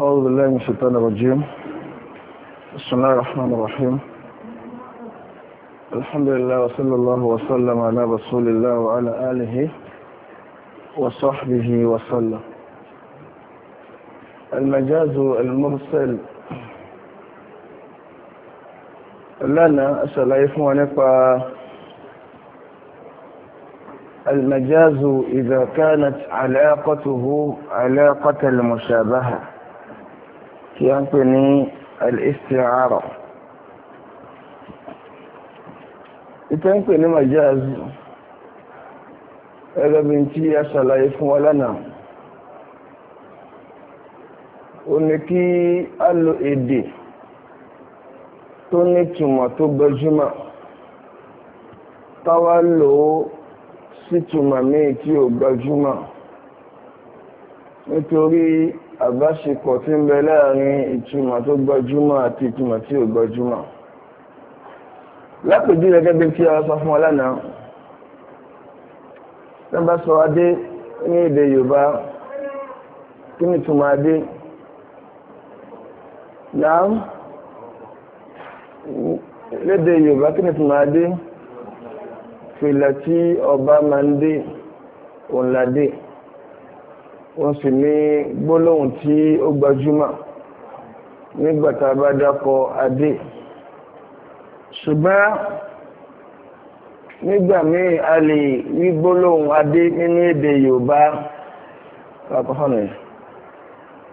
أعوذ بالله من الشيطان الرجيم بسم الله الرحمن الرحيم الحمد لله وصلى الله وسلم على رسول الله وعلى آله وصحبه وسلم المجاز المرسل لنا أسأل ونقى المجاز إذا كانت علاقته علاقة المشابهة tí a ń pè ní al-isti'ara ìtẹ́ ń pè ní majaz ẹgbẹ́bin tí a ṣàlàyé fún wa lánàá ó ní kí a lo èdè tó ní túmọ̀ tó gbajúmọ̀ táwa lò ó sí túmọ̀ míì tí ò gbajúmọ̀ nítorí àbáṣepọ̀ tí ń bẹ láàrin ìtumọ̀ tó gbajúmọ̀ àti ìtumọ̀ tí ò gbajúmọ̀ lápèjú gẹ́gẹ́ bí tí a sọ fún wa lánàá tó bá sọ adé ní èdè Yorùbá kí ni ìtumọ̀ adé náà lédè Yorùbá kí ni ìtumọ̀ adé fìlà tí ọba máa ń dé òun ládé wọ́n sì ní gbólóhùn tí ó gbajúmọ̀ nígbàtà bá dákọ̀ adé ṣùgbọ́n nígbà míì a lè wí gbólóhùn adé nínú èdè Yorùbá pàpàfọ́nà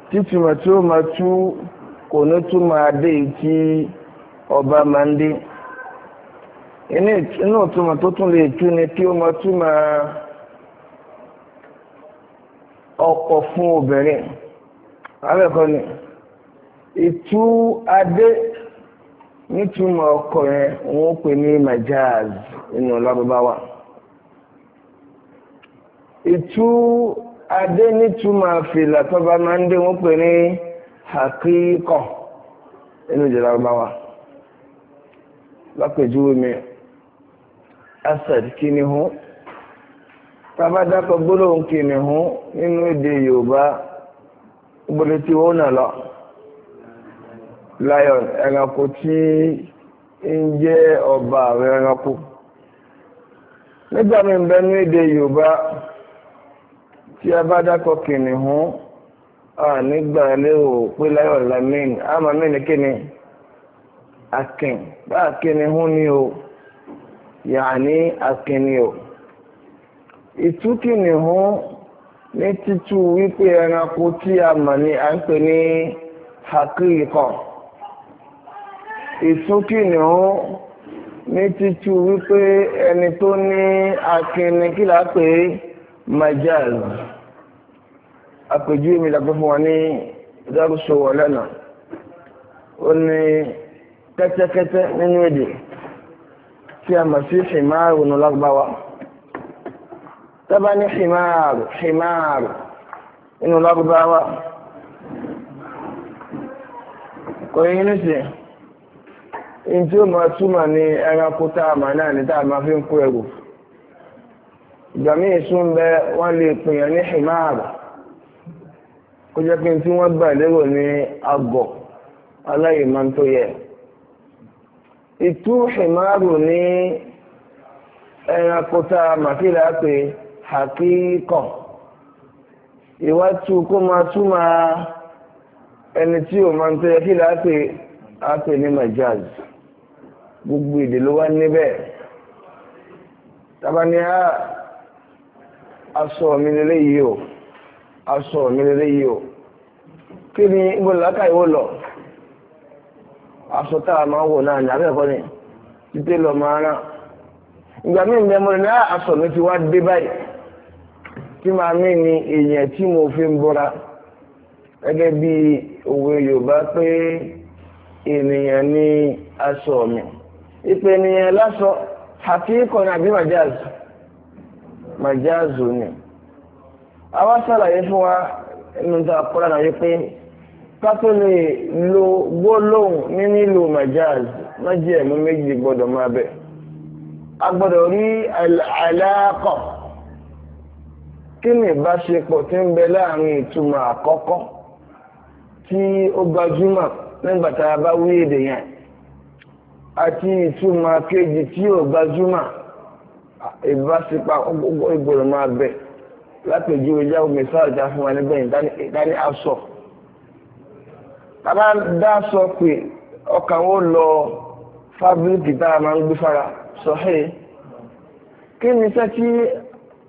títúmọ̀ tí ó máa tú kò ní túmọ̀ adé tí ọba máa ń dé inú ìtumọ̀ tó tún lè tú ni kí ó máa túmọ̀ adé ọkọ fún obìnrin abẹ́kọ́ ni ìtú adé nítumọ̀ ọkọ̀ yẹn wọ́n pè ní majaz inú lọ́bàbáwá ìtú adé nítumọ̀ fìlà tọ́ba máa ń dé wọ́n pè ní hakíkọ̀ nínú ìjọba lọ́bàbáwá lápèjúwe mi asad kí ni hùn. tàbá dákọ̀ gbólóhùn hún nínú èdè yorùbá gbólé tí ó nà lọ lion ẹranko tí ń jẹ́ ọba àwọn ẹranko nígbà ń bẹ ní èdè yorùbá tí a bá dákọ̀ hún a nígbà lérò pé lion la main àmà akin bá ni o akin ni o. Yani, ìtúkìnìún ní títú wípé ẹranko tí a mọ̀ ní à ń pè ní hakíkọ̀ ìtúkìnìún ní títú wípé ẹni tó ní akínni kí là á pè é majal àpèjú mi làbọ́ fún wa ní dárúsọ lẹ́nà ó ní kẹ́tẹ́kẹ́tẹ́ nínú èdè tí a mọ̀ sí ṣìmáàrùn lágbáwá tọ́ba ní ṣìmáàrù ṣìmáàrù inú lọ́gbàáwá kò yín ní sí in tí ó máa túmọ̀ ní ẹranko tá a máa náà ní tá a máa fi ń kó ẹrù ìgbà míì sún bẹ wọ́n lè pèèyàn ní ṣìmáàrù kó jẹ́ pé tí wọ́n gbà lérò ní agọ̀ aláìmọ́ tó yẹ ìtú ṣìmáàrù ní ẹranko tá a máa fi rà pé hakíkọ̀ ìwátú kó máa túmọ̀ ẹni tí ò máa ń tẹ́ kí láti ápè ní majaz gbogbo èdè ló wá níbẹ̀ tabani a aṣọ mi lélẹ́ yìí o aṣọ mi lélẹ́ yìí o kí ni ibo làákà ìwò lọ aṣọ tá a máa wò náà ní abẹ́ẹ̀kọ́ ni títí lọ máa rán ìgbà míì ń bẹ mọ́ aṣọ mi ti wá dé báyìí tí màá mí ni èèyàn tí mo fi ń bọ́ra gẹ́gẹ́ bí òwe Yorùbá pé ènìyàn ni aṣọ mi ìpè ènìyàn lásọ àti ikọ̀ ní àbí màjáàzù màjáàzù ni àwa ṣàlàyé fún wa nínú tó àkọ́lá náà wípé kátó lè lo gbólóhùn ní nílò màjáàzù májẹ̀mú méjì gbọ́dọ̀ máa bẹ̀ a gbọ́dọ̀ rí àlàákọ̀. kí ni ìbáṣepọ̀ tí ń bẹ láàrin ìtumọ̀ àkọ́kọ́ tí ó gbajúmọ̀ nígbà a bá wí èdè yẹn àti ìtumọ̀ kejì tí ó gbajúmọ̀ ìbáṣepọ̀ ìgbòrò máa bẹ̀ lápèjú ìjà omi fún wa níbẹ̀ ìdání aṣọ tàbá dá sọ pé ọkàn ó lọ fábíríkì tá a máa ń gbé fara sọ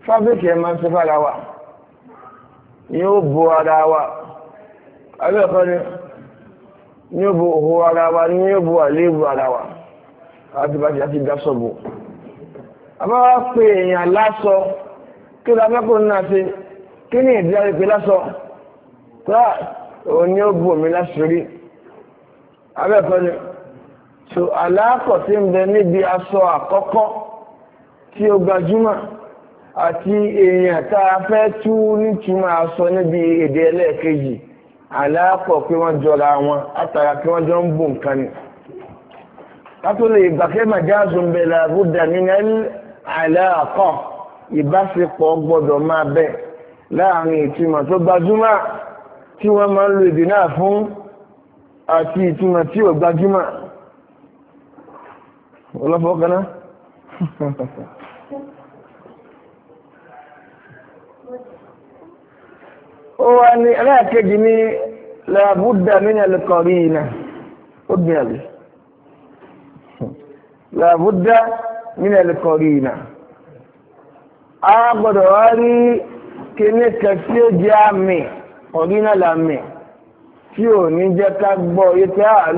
fábíkì ẹ̀ ma ń fẹ́fẹ́ wa n'i yóò bu ara wa alẹ́kọ̀ọ́ ni yóò bu òhò ara wa ní bu bo àléébù ara wa láti bá ti láti dáṣọ bò pé èèyàn lásọ kí ló afẹ́kọ̀ọ́ náà ṣe kí ni ìdí àrèpé lásọ tó ah, òun ni ó bu omi tí ń bẹ níbi aṣọ àkọ́kọ́ tí ó àti èèyàn tá a fẹ́ tú nítumọ̀ aṣọ níbi èdè ẹlẹ́ẹ̀kejì àlápọ̀ pé wọ́n jọra wọn látara pé wọ́n jọ ń bù nǹkan ni. kátó lè bàkẹ́ màjáàzù ń bẹ̀rẹ̀ àbúdà nínú àlàkọ́ ìbáṣepọ̀ gbọ́dọ̀ máa bẹ̀ láàrin ìtumọ̀ tó gbajúmọ̀ tí wọ́n máa ń lo èdè náà fún àti ìtumọ̀ tí ò gbajúmọ̀. ọlọ́fọ́ kan náà. ó wá ní ẹlẹ́ẹ̀kejì ní làbúdà mínà lẹ́kọ̀ọ́rí iná ó dín àbí làbúdà mínà lẹ́kọ̀ọ́rí iná a gbọ́dọ̀ wá rí kíní kan tí ó jẹ́ àmì ọ̀rínà làmì tí ò ní jẹ́ ká gbọ́ yé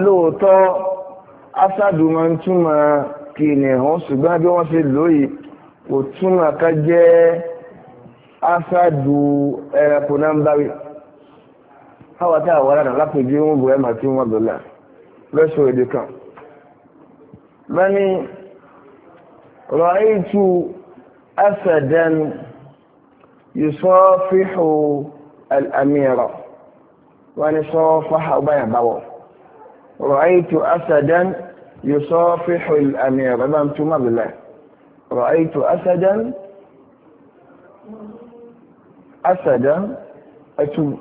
lóòótọ́ asádùn ń túmọ̀ kìnìún ṣùgbọ́n bí wọ́n ṣe lóye kò túmọ̀ ká jẹ́ after do uh, punambari hawa ta wara na lápèjì wọn bu ẹmà tí wọn dọlà lọ́sọ̀ èdè kan mẹ́ni rọ̀ẹ́tù asadan yusufihu al'amira wọ́n ni sọ fáhà báyà báwọ̀ rọ̀ẹ́tù asadan yusufihu al'amira bá ń túmọ̀ dọlà rọ̀ẹ́tù asadan yusufihu al'amira أسدا أتو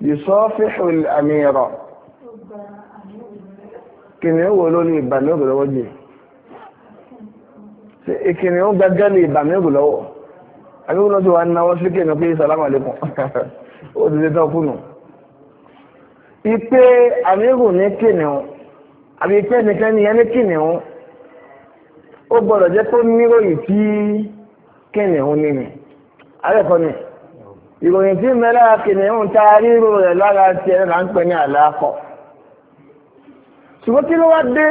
يصافح الأميرة kìnìún wo ló ní ìbàmí ògùn lọ́wọ́ jì kìnìún gẹ́gẹ́ ní ìbàmí ògùn lọ́wọ́ àbíkúnlọ́ tí wà ń náwọ́ sí kìnìún pé sàlámà lẹ́kùn ó ti tẹ́ ọkùnù ipe àmígùn ní kìnìún àbí ipe nìkan ní ẹni kìnìún ó gbọ́dọ̀ jẹ́ tó níròyìn tí kìnìún ní ni alẹ́kọ̀ọ́ ni ìròyìn tí mẹ́lá kìnìún ta ríro rẹ̀ lára ti ẹ̀ là ń pè ní àlàkọ̀ ṣùgbọ́n kí ló wá dé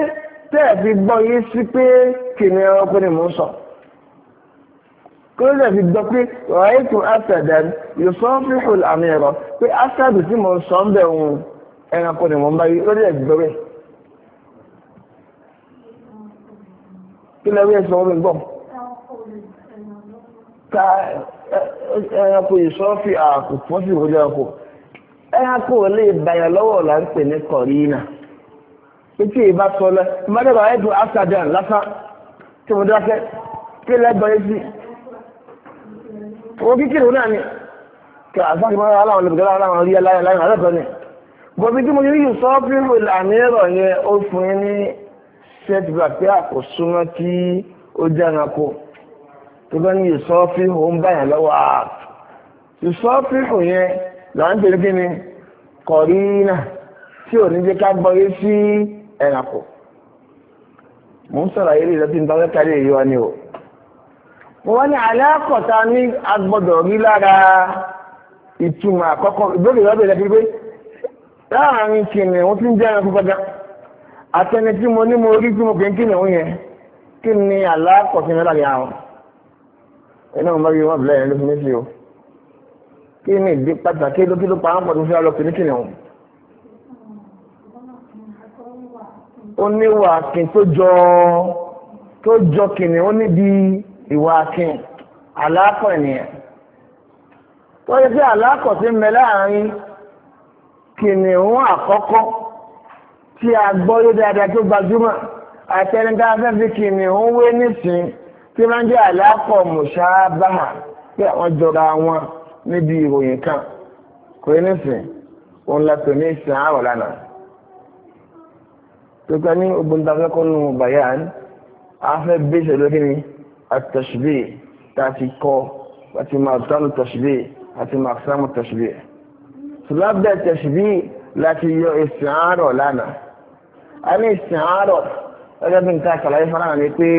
tẹ́ ẹ̀ fi gbọ́ yé sí pé kìnìún ẹranko ni mò ń sọ kí ló dẹ̀ fi gbọ́ pé rọ̀ẹ́tù asadan yóò sọ fún ìhùl àmì ẹ̀rọ pé asadu tí mò ń sọ ń bẹ̀ ń ẹranko ni mò ń bá yí ló dẹ̀ gbọ́ bẹ́ẹ̀ kí lẹ́wọ́ ẹranko ìṣọ́fì àkù wọ́n sì kọjá ọkọ̀ ẹranko lè bàyàn lọ́wọ́ là ń pè ní kọ̀rínà etí ìbá sọ lẹ ìmọ̀lẹ́bà ẹ̀dùn lásán tí mo dákẹ́ kí lẹ́gbọ̀n yé náà ni kí mọ́ra aláwọn aláwọn tó bá ní ìsọ́fíhù ń báyàn lọ́wọ́ ààbò ìsọ́fíhù yẹn là ń tẹ̀lé kíni kọ̀rínà tí ò ní jẹ́ ká gbọ́yé sí ẹ̀rànkò mo sọ̀rọ̀ ayé ìlọ́tí ń tọ́jú kárí èyí wa ni o mo wá ní aláàkọ̀ta ní agbọ́dọ̀ rí lára ìtumọ̀ àkọ́kọ́ ìbéèrè lọ́bẹ̀ rẹ̀ pípé láàárín kìnìún wọ́n ti ń jẹ́ ẹranko gbọ́dọ̀ àtẹni tí mo ní mo rí tí mo kì í kí ni aláàkọ̀tún ẹ̀nà ọmọ yìí wọ́n bìlẹ̀ yẹn ló fi ní sí o kí ni ìdí pàtàkì ló kí ló pa àwọn pọ̀ tó fi lọ kìnnìkì nìhun. ó ní ìwà akin tó jọ tó jọ kìnnì ó níbi ìwà akin àlákọ̀ ènìyàn tó yẹ pé àlákọ̀ ti ń bẹ láàrin kìnnìún àkọ́kọ́ tí a gbọ́ yóò dáadáa tó gbajúmọ̀ àtẹnidáfẹ́ fi kìnnìún wé nísìnyí tí máa ń jẹ́ àlápọ̀ mùṣábáhà pé àwọn jọra wọn níbi ìròyìn kan kò ní sìn òun la pè ní ìsìn àárọ̀ lánàá. tó ká ní ogun tá a fẹ́ kọ́ nù bayan a fẹ́ bí ìṣẹ̀lẹ̀ kí tá a ti kọ́ àti máa tánù tọ̀ṣìbì àti máa sáàmù tọ̀ṣìbì. sùlábẹ̀ tọ̀ṣìbì láti yọ ìsìn àárọ̀ lánàá. a ní ìsìn àárọ̀ gẹ́gẹ́ bí nǹkan àkàlàyé fara hàn ní pé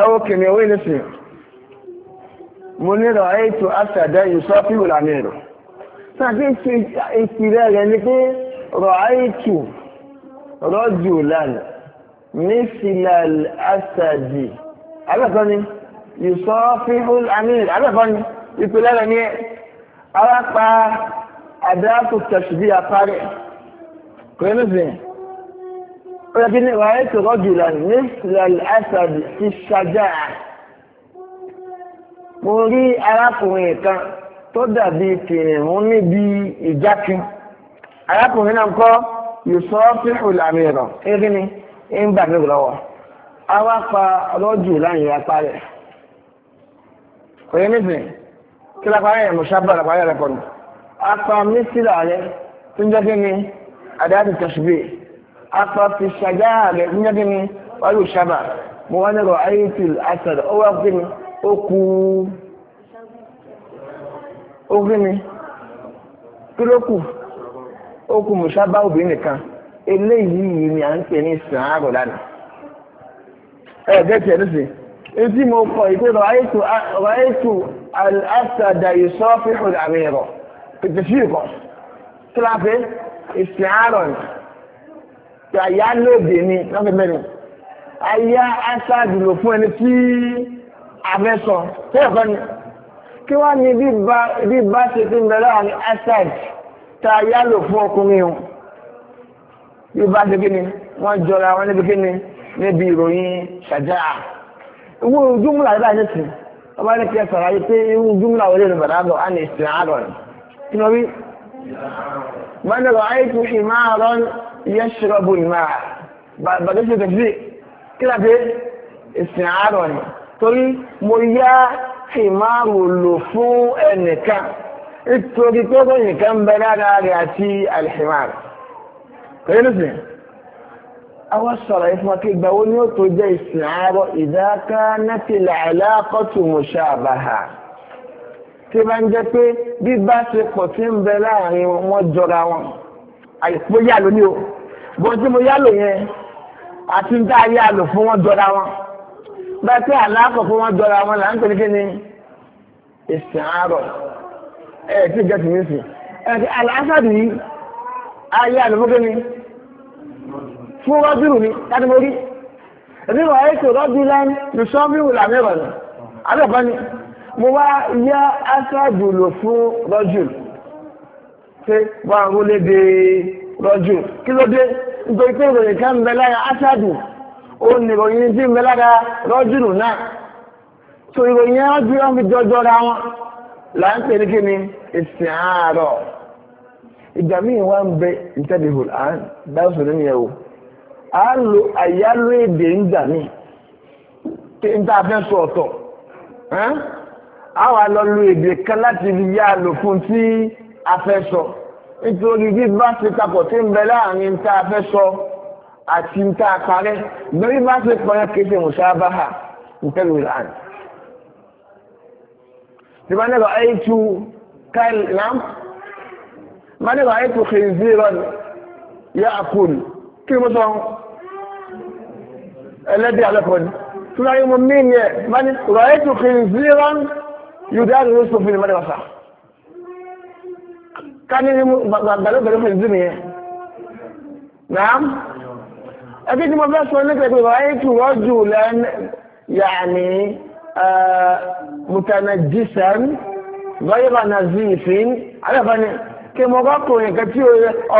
ẹwọ́ kìnnì owó ìlú sí mo nílò ètò àtàdẹ́ ìṣọ́ fíwò làmì ẹ̀rọ tàbí ṣe ìpìlẹ̀ rẹ̀ ni pé rọ̀ àìtù rọ́jù lánà ní sílẹ̀ àtàdì alẹ́kọ́ ni ìṣọ́ ẹ̀rọ alẹ́kọ́ ìpìlẹ̀ rẹ̀ ni arápa àdáàtò tẹ̀síbí apárẹ̀ kò ní sìn ولكن رأيت رجلا مثل الأسد في الشجاعة mo rí arákùnrin kan tó dàbí kìnìún níbi ìjákin arákùnrin náà kọ́ yòsọ́ fíhùn àmì ẹ̀rọ eré ni ń gbà mí lọ́wọ́ awápa rọ́jù láyìn apá rẹ̀ kò yẹ nísìn kí lápá rẹ̀ mo sábà lápá rẹ̀ pọ̀ nù apá mísílà rẹ̀ tó ń jẹ́ kí ni adáàtì tẹ̀síbíyì asad fi ṣàjá rẹ̀ ní ẹbí mi wáyé òṣàbà mo wá nírọ̀ ayétil asad ó wá fún mi ó kú ó fún mi kí ló kù ó kú mùsàbá obìnrin nìkan eléyìí ni à ń pè ní sàárò lánàá ẹ gẹ́tì ẹ̀ nísìnyí etí mo kọ ìpè rọ̀ ayétu asad àyùsọ́ fífò àmì rọ̀ pètè sí ìsìn àárọ̀ nìkan pé àyà lóde ni lọ́fẹ̀ mẹ́rin àyà ásáàdì lò fún ẹni tí afẹ́sọ tí ẹ̀kọ́ ni kí wá ní bí bá ṣe ti ń bẹ láàrin ásáàdì tá àyà lò fún ọkùnrin o bí bá ṣe kí ni wọ́n jọra wọn níbi kí ni níbi ìròyìn ṣàjáà ìwọ ojúmúlà yìí báyìí nìsín ọba ní kí ẹ sọ̀rọ̀ ayé pé irú ojúmúlà wọlé ní bàdá àgọ̀ á ní ìsìn àgọ̀ ni kí ni wọ́n rí mọ́nà lọ ayé tó ìmáà rọ́n yẹ́ṣọ́rọ́bù náà bàbá ṣe tẹ̀sí kí láti ìsìn àárọ̀ ni torí mo yá ìmáàrù lò fún ẹnìkan nítorí pé kò nìkan ń bẹ lára rẹ̀ àti alhimar pẹ̀lú nísìn àwọn sọ̀rọ̀ ìfún wa kí ìgbà wo ni ó tó jẹ́ ìsìn àárọ̀ ìdáká nátìlà aláàkọ́tù mùṣàbàhà tí bá ń jẹ́ pé bí bá ṣe pọ̀ tí ń bẹ láàrin wọn jọra wọn àìpóyà lónìí o bọ́n tí mo yálò yẹn àti níta ayé àlò fún wọn dọ́ra wọn bẹ́ẹ̀ tí àlàkọ̀ fún wọn dọ́ra wọn là ń pè ní kí ni ìsìn àárọ̀ ẹ̀ tí ìjọ tì mí sí ẹ̀ tí àlàásàdì yìí ayé àlò fún kí ni fún rọ́dúrù ni láti mo rí èmi wà á ètò rọ́dú lẹ́nu lùsọ́míwù làmì ìrọ̀lẹ́ àbẹ̀kọ́ ni mo wá yá àṣàdù lò fún rọ́dúrù ṣé wọ́n á wọlé dé. rọjụ kí ló dé nítorí pé ìròyìn ká ń bẹ lára ásádù ó ní ìròyìn tí ń bẹ lára nù náà so ìròyìn á bí wọ́n fi jọjọ ra wọn là ń pè ní kí ni ìsìn àárọ̀ ìgbà míì wá ń bẹ ìtẹ́bìhù à ń lo àyálò èdè nítorí bí bá ti takọ̀ tí ń bẹ láàrin tá a fẹ́ sọ àti tá a parẹ́ lórí bá ti pọ̀yẹ́ kéde mùsáàbáhà nítorí ìlànà. tí wọ́n nílò àìtú káìlám wọ́n nílò àìtú kìnzírọ̀ yá àkùn kí ni mo sọ ẹlẹ́dẹ̀ alẹ́kọ̀ọ́ ni. tí wọ́n ní mo mí ni ẹ̀ wọ́n ní rọ̀ àìtú kìnzírọ̀ yóò dáhùn ní sọ́fin ní mọ́lẹ́wàsá kání ní balóbẹ̀rẹ̀ fún ìdí nìyẹn náà ẹbí tí mo fẹ́ sọ nípa ìpè bàbá yìí kì wọ́n jù lẹ́n yàní mùtànà jísàn báyìbà náà sí ìfín alẹ́fẹ́ni kí mo bá kò yẹn kẹtí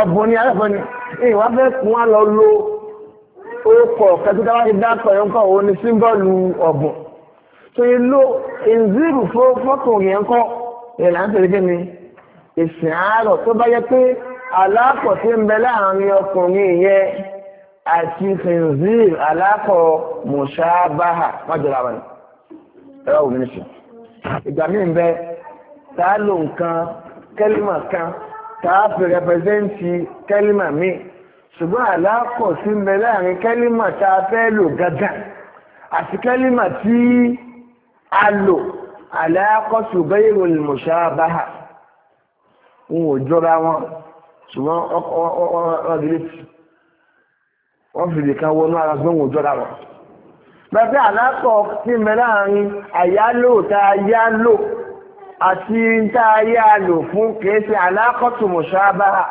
ọ̀bùn ní alẹ́fẹ́ni ìwà fẹ́ kún wa lọ lo orúkọ kẹtí táwa ti dákọ̀ yẹn kọ̀ òun ní símbọ́ọ̀lù ọ̀bùn tó yẹ lo ìzírù fọ́kùnrin yẹn kọ́ ìlànà tẹ̀lé kí ni ìsìn àárọ̀ tó bá yẹ pé aláàpọ̀ tí ń bẹ láàrin ọkùnrin yẹn àti fìnzír aláàpọ̀ mùsàbáhà májọra wọn ẹ̀rọ òun ní sùn. ìgbà míì ń bẹ tá a lò nǹkan kẹ́límà kan tá a fi rẹpẹsẹ́ǹtì kẹ́límà míì ṣùgbọ́n aláàpọ̀ tí ń bẹ láàrin kẹ́límà tá a fẹ́ lò gàgà àti kẹ́límà tí a lò aláàpọ̀ ṣùgbọ́n ìròyìn mùsàbáhà wọn ò jọra wọn ṣùgbọ́n ọ̀rẹ́dìrẹ́tì wọ́n fìdí kan wọnú ara ṣùgbọ́n wọn ò jọra wọn. bẹ́ẹ̀ àlápọ̀ sí mẹ́ láàrin àyálò tá a yá lò àti tá a yá lò fún kìí ṣe alákọ̀tùmọ̀ṣábára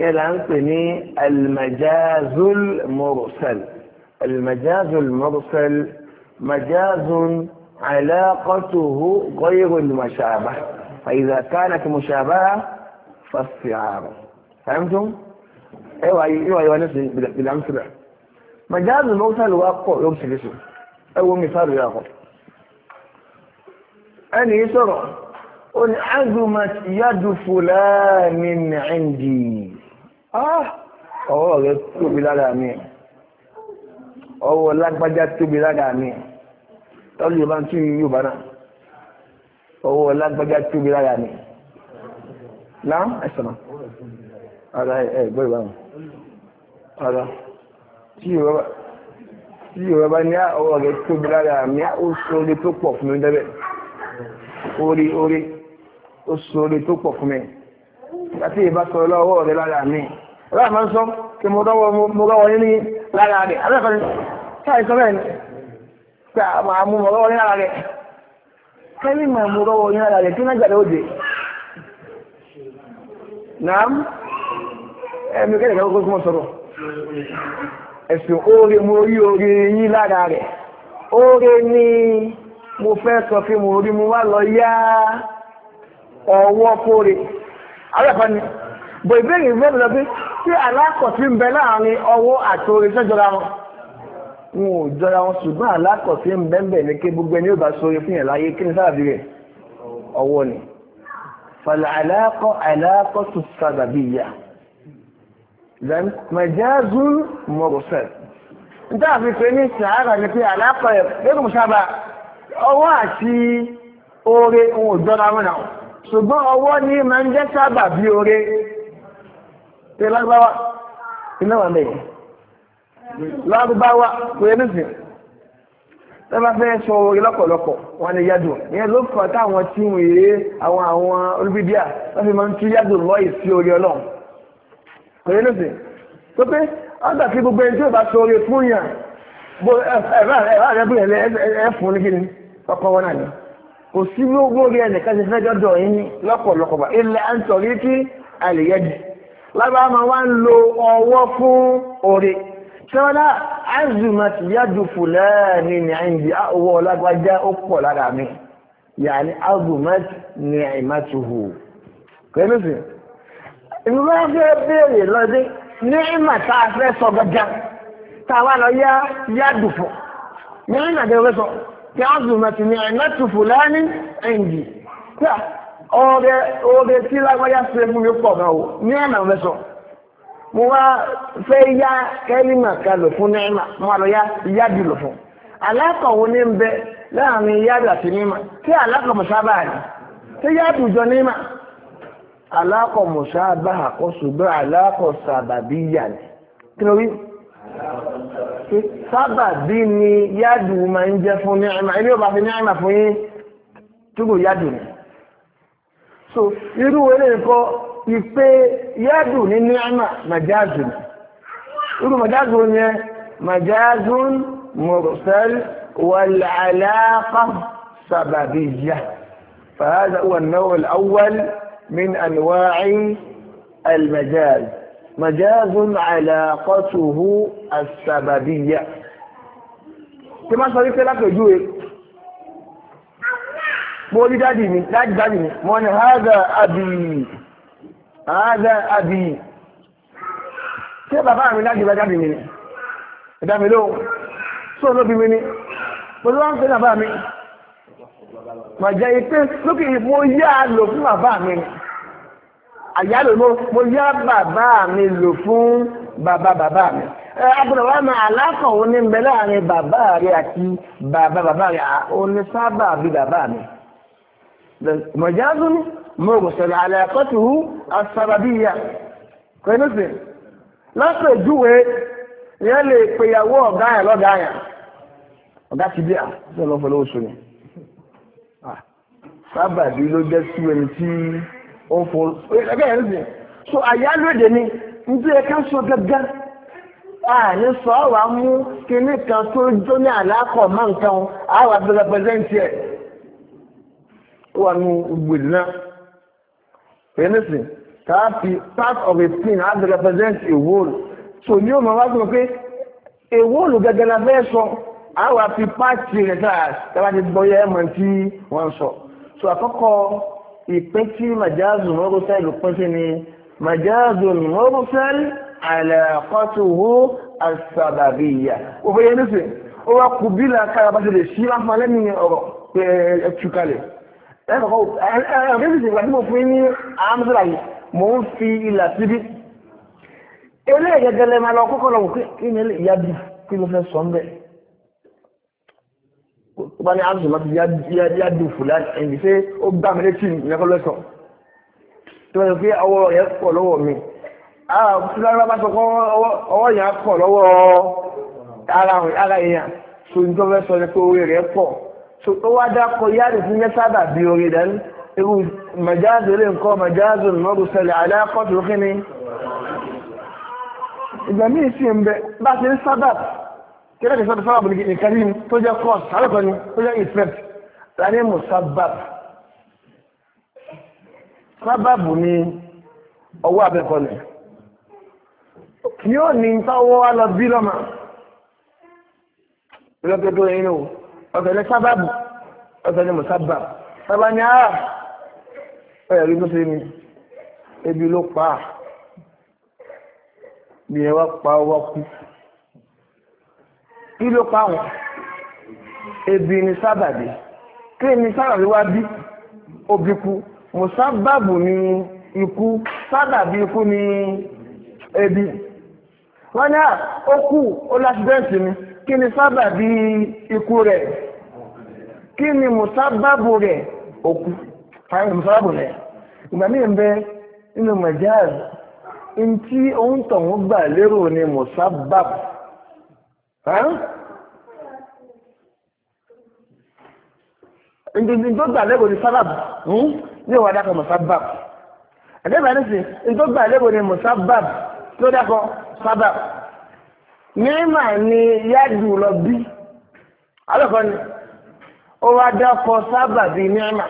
yẹn là ń pè ní al-majazul mursal al-majazul mursal majazun علاقته غير المشابه فإذا كانت مشابهة فاستعارة فهمتم؟ ايوه ايوه ايوه نفس بالامس بقى مجاز الموتى الواقع يمسك اسمه اول مثال يا اخو انا يسرع ان عزمت يد فلان عندي اه ọwọ́ rẹ̀ tóbi lára mi ọwọ́ lágbájá tóbi lára mi tọ́lú yorùbá tún yorùbá náà ọwọ́ lágbájá tóbi lára náà ẹ̀sọ̀nà ara ẹ̀gbọ́ ìbáwọn ara tí ìrọ̀ bá ní ọwọ́ rẹ̀ tóbi lára mi ó sóore tó pọ̀ fún mi dẹ́bẹ̀ orí orí ó sóore tó pọ̀ fún mi àti ìbá sọ̀rọ̀ lọ́wọ́ rẹ̀ lára mi ọlọ́run máa ń sọ kí mo rọ́wọ́ yín ní lára rẹ̀ alẹ́kọ̀ọ́ táà ìsọ bẹ́ẹ̀ ni pé àwọn àmúmọ̀ rọ́wọ́ yín lára rẹ̀ kẹ́lí màmú rọ́wọ́ yín lára rẹ̀ kí náà jáde ó dé náà ẹ̀mí kẹ́lẹ̀ kẹ́kọ́ tó mọ́ sọ̀rọ̀ ẹ̀sùn oore mo rí oore yín lára rẹ̀ oore ni mo fẹ́ sọ fí mo rí mo wá lọ yá ọwọ́ kóre alẹ́kọ̀ọ́ ni bọ̀ ìbéèrè ìbéèrè lọ pé tí alákọ̀tí ń bẹ láàrin ọwọ́ àti oore sẹ́jọra wọn wọn ò jọra wọn ṣùgbọ́n alákọ̀tí ń bẹ́ẹ̀ bẹ́ẹ̀ ní kí gbogbo ẹni yóò bá sọ oore fún yẹn láyé kí ni sáàbì rẹ̀ ọwọ́ ni. فالعلاقة علاقة السببية إذن مجاز مرسل انت في فيني السعارة اللي فيها علاقة غير مشابهة ọwọ́ àti oore ohun òjọ́ra wọn náà ṣùgbọ́n ọwọ́ ní máa ń jẹ́ sábà bí oore tí lágbáwá iná wà lẹ́yìn lágbáwá kò yẹ nísìnyí tọ́ba fẹ́ sọ orí lọ́pọ̀lọpọ̀ wọn ni yàdù ìyẹn ló fà táwọn tí wọn èrè àwọn àwọn olùbíbíà wọn fi máa ń tú yàdù lọ́yì sí orí ọlọ́run kò yẹ lóṣè tó pé ọgbà kí gbogbo ẹni tí ò bá sọ orí fún yàn bó ẹ̀fà ẹ̀fà rẹ̀ bóyá ẹ̀ fún ní kíni ọkọ̀ wọn náà ni kò sí gbogbo orí ẹni ká ṣe fẹ́ dọ́dọ̀ yín lọ́pọ̀lọpọ̀ ilẹ̀ à ń sọ̀rí kí àlè yẹ tí wọ́n náà azumat yadu fulani ní àyìnbí àwọ̀ ọlágbájá ó pọ̀ lára mi yàní azumat ní àìmátihù pẹ̀lú sí ìlú bá fẹ́ béèrè lọ́dí ní ìmà tá a fẹ́ sọ gọ́gá tá a wá lọ yá yadu fún ní ìmà tó fẹ́ sọ tí azumat ní àìmátihù fulani àyìnbí ọ̀rẹ́ ọ̀rẹ́ tí lágbájá ṣe fún mi pọ̀ náà ní ìmà fẹ́ sọ. mo fe ya yá kẹ́límà kan lò fún nẹ́ẹ̀mà mo lọ yá yádì lò fún aláàkọ̀ wo ní bẹ láàrin àti tí ni tí jọ níma aláàkọ̀ mùsábà kò ṣùgbọ́n aláàkọ̀ sàbàbíyà ni kí ló wí sábàbí ni máa ń fún fi nẹ́ẹ̀mà fún yín so irú ìpè yádù ní níàmà màjáàzùn irú màjáàzùn yẹn màjáàzùn فهذا هو النوع الأول من أنواع المجاز مجاز علاقته السببية كما صريفة لك جوي مولي دادي من دادي مولي هذا أبي àádẹ́ àbí tí bàbá mi láti bá jáde mi ni ẹ̀dá mi lóhun tí òun ló bí mi ni mo ló wá ń pè bàbá mi mà jẹ́ ipé lókè mo yá lò fún bàbá mi ni àyálò mo mo yá bàbá mi lò fún bàbá bàbá mi ẹ abúlọ̀ wa máa aláfọ̀ òun ní bẹ láàrin bàbá rẹ àti bàbá bàbá rẹ òun ní sábà bí bàbá mi mọ̀já dúró. مرسل علاقته السببية كنسل lọ́sọ̀ ìjúwe yẹn lè pèyàwó ọ̀gá yẹn lọ́gá yẹn ọ̀gá ti bí à ṣe oṣù ni sábàbí ló jẹ́ sí ẹni tí ó ń fọ ẹgbẹ́ so àyálòdè ni níbi ẹ̀ka sọ gẹ́gẹ́ àní sọ wà mú kinní kan tó jó ní àlákọ̀ máa ń kan àwọn abẹ́rẹ́ pẹ́sẹ́ǹtì ẹ̀ wà nù gbèdì náà pé nísìn káà part of a thing has to represent a whole so ní òmò wá sọ pé a whole gẹ́gẹ́ la fẹ́ sọ àwọn àfi pàtì rẹ̀ sáà tábà ti gbọ́ yẹ ẹ̀mọ̀ tí wọ́n sọ so àkọ́kọ́ ìpín tí majazu mọ́rúsẹ́lì pín sí ni majazu mọ́rúsẹ́lì àlàkọ́tùhù àṣàbàbíyà òfin yẹn nísìn ó wá kú bí làákàrà bá ti lè ṣí láǹfààní lẹ́nu ọ̀rọ̀ pé ẹ̀ ẹ̀ túkalẹ̀ ẹ̀rọ̀fẹ́sì ìgbà tí mo fi ní àmìsílà yìí mo ń fi ilà síbí eré ìgẹ́gẹ́lẹ́ máa lọ kọ́kọ́ lọ kí ní ilé ìyá bí kí ló fẹ́ sọ ń bẹ̀ bá ní àmìsílà máa ti yá bí fúlá ẹ̀yìn pé ó gbà mí létí ìyẹ́kọ́ lọ́sọ̀ tó bá yẹ pé ọwọ́ yẹn pọ̀ lọ́wọ́ mi fúlára bá sọ pé ọwọ́ yẹn pọ̀ lọ́wọ́ ara èèyàn tó ń tọ́ fẹ́ sọ ni pé orí rẹ̀ pọ̀ tó wá dákọ̀ yáàdì fún yẹ́ sábà bí orí dán irú majáàzù lè ń kọ́ majáàzù mọ́rù sẹlẹ̀ aláàkọ́tù kí ni ìgbà míì sí ń bẹ bá ti ń sábà kílẹ̀ kí sábà bùn nìkan ní tó jẹ́ kọ́ sálọ́kọ́ ni tó jẹ́ effect láti mú sábà sábà bù ní ọwọ́ abẹ́kọ̀lẹ̀ yóò ní táwọ́ wá lọ́mà lọ́pẹ́ tó yẹn náà ọ̀sẹ̀ ní sábàbù ọ̀sẹ̀ ní mùsábà sábà ní àrà ah! ọ̀yà rí bóṣe mi ebi ló pa á bí ẹ wá pa ọwọ́ kú kí ló pa wọn ebi ní sábàbí kí ni sábàbí wá bí obi kú mùsábàbù ni ikú sábàbí ikú ni ebi wọ́n ní ó kú ó lásìdẹ́ǹtì ni kí ni sábà bí ikú rẹ̀ kí ni mùsábàbù rẹ̀ òkú fàyẹ̀ mùsábàbù rẹ̀ ìgbà míì ń bẹ nínú majaz n tí òun tọ̀hún gbà lérò ni mùsábàbù ndundun tó gbà lérò ni sábàbù ní ìwà dákọ̀ mùsábàbù àdébà nísìn ndó gbà lérò ni mùsábàbù tó dákọ̀ sábà níma ni yádù lọ bí alọ́kọ́ ni ó wá dákọ̀ sábà bíi níma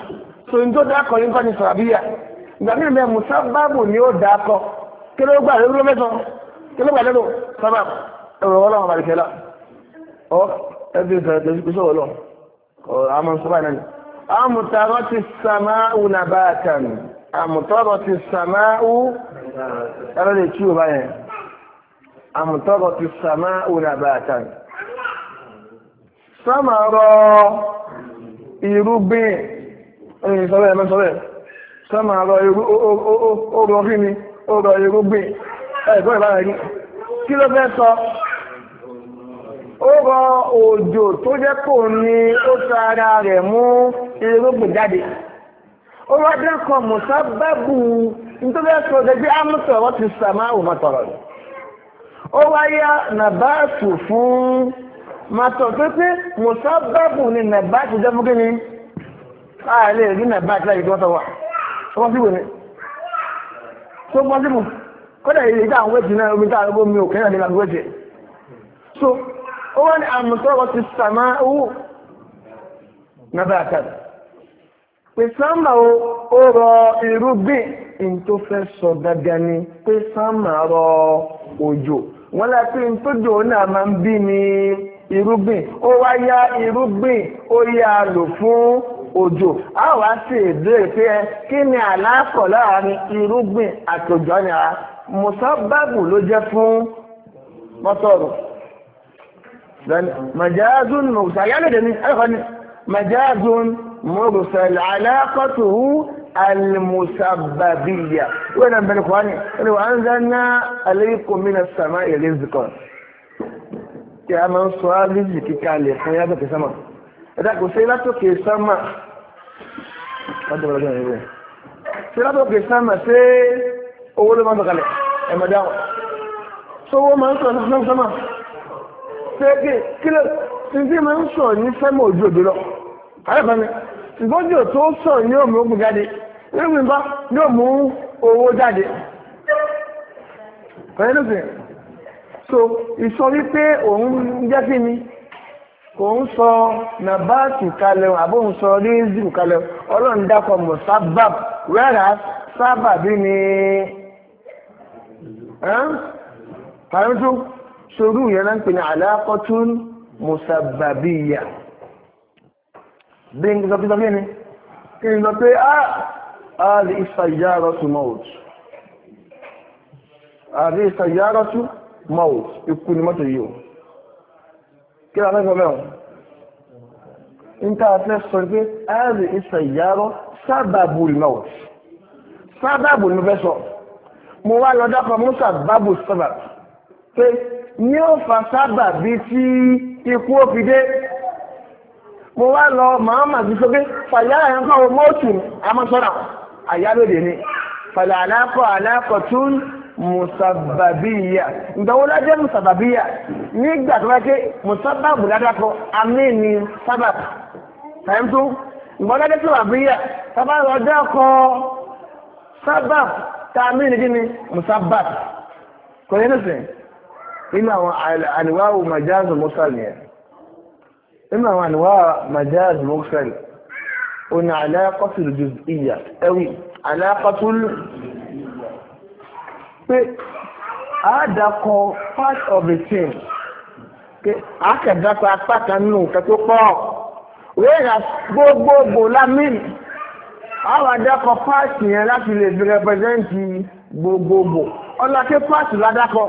tó ní tó dákọ̀ yín kọ́ ni sàbíyà ìgbà mí bẹ́ẹ̀ mùsábàbù ni ó dákọ̀ kí ló gbà lórí mẹ́tọ́ kí ló gbà lórí sábà ẹ̀rọ ọlọ́run àbàlìkẹ́lá ọ ẹbí ìfẹ̀rẹ̀ lójú kí sọ̀rọ̀ lọ àmọ́ sábà náà ni àmùtárọ́ ti sàmáwù nàbàtàn àmùtárọ́ ti sàmáwù ẹ̀rọ lè tú ò báyẹn àmùtọ́rọ̀ ti sàmá òràbàtà sáàmà rọ irúgbìn ẹ̀yìn sọ́rọ̀ ẹ̀mẹ́ sọ́rọ̀ sáàmà rọ orọ̀ rí ni orọ̀ irúgbìn ẹ̀kọ́ ìbára rí kí ló fẹ́ sọ ó rọ òjò tó jẹ́ kò ní ó tara rẹ̀ mú irúgbìn jáde ó rọ́ dẹ́kọ̀ mùsábàbù nítorí ẹ̀sọ́ ọ̀dẹ́gbé àmùtọ̀rọ̀ ó wáyá nàbáàtù fún màtọ̀ tó pé mùsábàbù ni nàbáàtù jẹ́ fún kíni a lè rí nàbáàtù láyé gbọ́tọ̀ wà ọmọ sí wèrè tó gbọ́ sí mu kọ́dà yìí ká àwọn wẹ́jì náà omi tá àrùgbó mi ò kẹ́yà ní làgbó wẹ́jì so ó wá ní àmùtọ́rọ̀ ti sàmá owó nàbáàtà pé sánmà ó rọ irúgbìn in sọ gangan ni pé sánmà rọ òjò wọ́n láti ń tójò náà máa ń bí ni irúgbìn ó wá yá irúgbìn ó yá lò fún òjò a wá sí ìbéèrè pé ẹ kí ni àlàkọ̀ láàrin irúgbìn àtòjọ́ ni ara ah, mùsàbábù ló jẹ́ fún mọ́tọ́rù màjáàzún mùsàlálẹ̀dẹ̀ ni ẹ̀kọ́ ni màjáàzún mùsàlálẹ̀ alákọ̀tùhù المسببية وين bil qur'ani wa anzalna alaykum min as-sama'i rizqan kí a máa ń sọ áríjì kíkà lè fún yàtọ̀ kí sánmà ẹ̀dá kò sí látòkè sánmà látòkè sánmà sí látòkè sánmà sí owó ló máa ń sọ̀kalẹ̀ ẹ̀mọ̀ dáhùn tó owó máa ń sọ̀ ní sánmà sí kí kí ló máa ń sọ̀ ní sánmà ojú òdò lọ àyàfà mi ṣùgbọ́n jù tó sọ̀ ní òmùrùkù jáde wíwí nǹkan yóò mú owó jáde pẹ̀lú bẹ̀rẹ̀ so ìsọ wípé òun jẹ́ kí ni kò ń sọ nàbáàtì kalẹ̀ àbó ń sọ rízìkù kalẹ̀ ọlọ́run dákọ̀ mọ̀ sábàb wẹ́rà sábàbí ni pàrọ́tù sorú yẹn náà ń pè ní àlàkọ́tún mùsàbàbíyà bí n sọ pé sọ pé ni kí n sọ pé ah هذه السيارة موت هذه السيارة موت يكون متى يوم كده نفهم معهم انت هتنفسر بيه هذه السيارة سبب الموت سبب المبسط mo wá lọ dákọ̀ musa babu sábà pé ní ó fa sábà bí tí ikú ó fi dé mo wá lọ màá màá sí sókè fàyà ẹ̀ ń kọ́ mọ́ọ̀tù àmọ́sọ́ra àyálòdè ni fàlà aláàkọ̀ aláàkọ̀ tún musababiya ìgbàwó lájẹ́ musababiya nígbà tó bá ké musababu ládàkọ amí ni sábàb tàyẹ̀m tún ìgbà lájẹ́ sábàbiya sábà lọ́jọ́ kọ sábàb tààmì ni gíní musabab kò yẹ nísìn inú àwọn àníwáwò majáàzù mọ́sálì yẹn inú àwọn àníwáwò majáàzù mọ́sálì oní aláàkọ́tùlù jùzíyà ẹwì aláàkọ́tùlù pé àádàkọ part of a team. pé àkẹ́dàkọ apá kan nù kẹ́tọ́ pọ̀ wíyà gbogbogbò lámìn àwọn àdàkọ part yẹn láti lè fi represent gbogbogbò ọlọ́kẹ́ part ládàkọ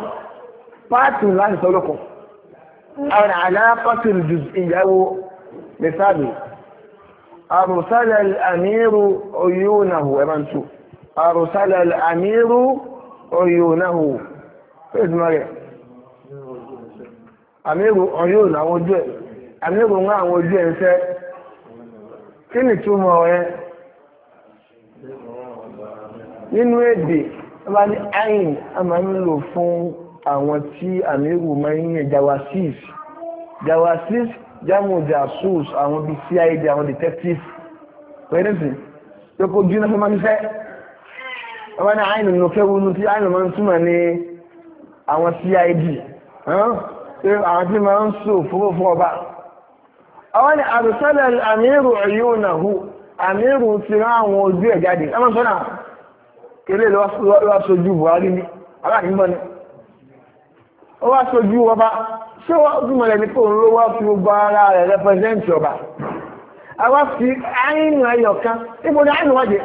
part láti sọ́lọ́kọ̀ àwọn aláàkọ́tùlù jùzíyà wo lè sáàbì àrùsálẹ̀ àmírù oyónàhù ẹ̀mọ́ntú àrùsálẹ̀ àmírù oyónàhù fẹ́sùmọ́ rẹ̀ àmírù oyónà àwọn ojú ẹ̀ àmírù ń àwọn ojú ẹ̀ ń fẹ́ kí ni túmọ̀ ẹ nínú èdè ọba ní ayin a máa ń lò fún àwọn tí àmírù máa ń yẹ jawasis jawasis jámù jasus àwọn bi cid àwọn detective pẹ̀lú sí pé kó jí náà fẹ́ máa ń fẹ́ wọ́n ní àìnù ló kéwu ní tí cid àwọn tí máa ń sọ fún ọba àwọn ni àrùsọ́lẹ̀ àmírù ẹ̀yọ́ náà hù ti rán àwọn ojú ẹ̀ jáde ẹ máa ń sọ náà kéré lọ́wọ́ sojú buhari ní aláàkíngbọ́n ni. ó wá sojú ọba ṣé wọ́n túmọ̀ lẹ́ni pé òun ló wá fi gbogbo ara rẹ̀ rẹpẹsẹ́ǹtì ọba àwa fi àìnù ẹyọ kan níbo ni àìnù wájẹ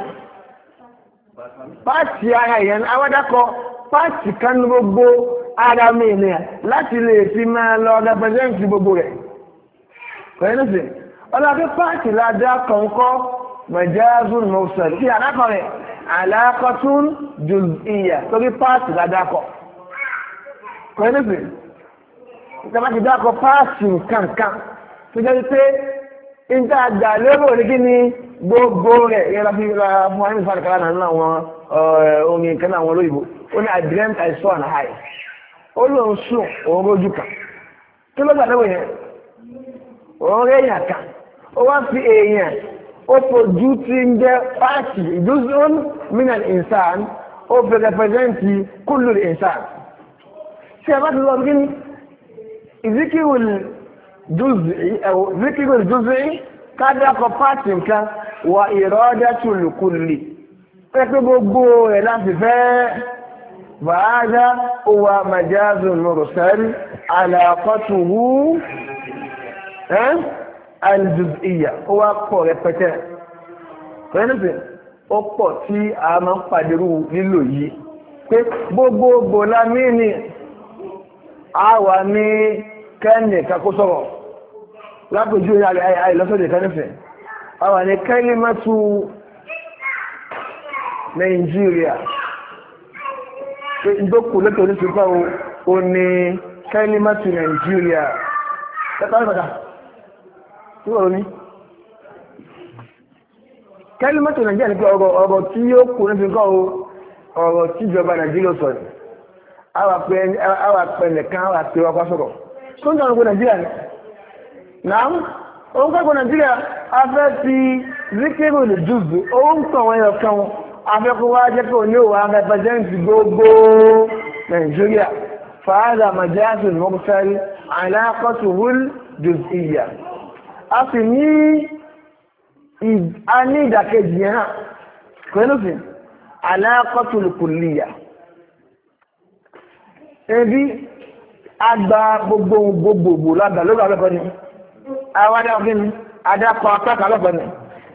páàtì ara ìyẹn awádàkọ páàtì kan ní gbogbo ara mi ènìyàn láti lè fi máa lọ rẹpẹsẹ́ǹtì gbogbo rẹ̀ pẹ̀lú sí ọlọ́dún páàtì ládàá kọ̀ọ̀kọ́ mẹ̀jáàzùn mọ̀ọ́sẹ̀ tí alákọ̀ọ́rẹ̀ alákọ̀tún jùlọ ìyà torí páàtì ládàá kọ̀ọ̀ pẹ̀lú pé ìjọba ti dákọ̀ páàsì kankan tó jẹ́ pé ìjà àjà lérò ní kí ni gbogbo rẹ̀ yẹn lọ fi ra fún wa ní ìfàdí kan náà àwọn eh, orin kan náà àwọn olóyìnbó ó ní I dreamt I saw an eye ó lóun sùn òun rójú kan kí ló gbà lọ́wọ́ yẹn òun rẹ̀ èèyàn kan ó wá fi èèyàn ó fojú tí ń jẹ́ páàsì ìdúsùn mínà ìsàn ó fi rẹpẹsẹ́ǹtì kúlù ìsàn tí a bá ti lọ sí kíní ìzíkírù jùzí kádàkọ pàtì nǹkan wà ìrọ́dẹ́tù lùkùlì pé pé gbogbo ẹ̀ láti fẹ́ bàájá òwà màjáàzù mùrùsẹ́lì àlàkọ́tùwú alìjùzìyà ó wá pọ̀ rẹpẹtẹ pẹ̀lúpẹ̀ ó pọ̀ tí a máa ń pàdérù lílò yìí pé gbogbogbò lámí àwà ní kẹ́ẹ̀nì kakó sọ̀rọ̀ lápòjú ní àìlọ́sọ̀dẹ̀ kẹ́nìfẹ̀ àwà ní kẹ́ẹ̀lì mẹ́tù nàìjíríà ìdókù lẹ́tọ̀ ní ṣùgbọ́n o ní kẹ́ẹ̀lì mẹ́tù nàìjíríà kẹ́lí mọ́tò nàìjíríà ní pé ọ̀rọ̀ tí yóò kú ní fi kọ́ ọ̀rọ̀ tíjọba nàìjíríà sọ̀rọ̀ Awa pẹ̀lẹ̀ kan àwà pẹ̀lẹ̀ ọkọ̀ sọ̀rọ̀ tó ń jọ ọ̀gbọ̀n nàìjíríà ni náà ó ń kẹ́kọ̀ọ́ nàìjíríà afẹ́ ti zikiru lè jùzù ó ń tàn wọn ẹ̀yọ̀ kan afẹ́kọ̀ wá jẹ́ pé òní òwà rẹpẹsẹ́ǹtì gbogbo nàìjíríà fàádà màjáàsì mọ́kúsárì àìláàkọ́tù hul jùzìyà a sì ní ìdàkejì yẹn hàn pẹ̀lú sí àìláàkọ́tù lùkùlìyà ebi agba gbogbo gbogbogbò lágbà lórí àlọ́kọ́ ni àwọn adáwọ̀kí ni adákọ̀ apákà ni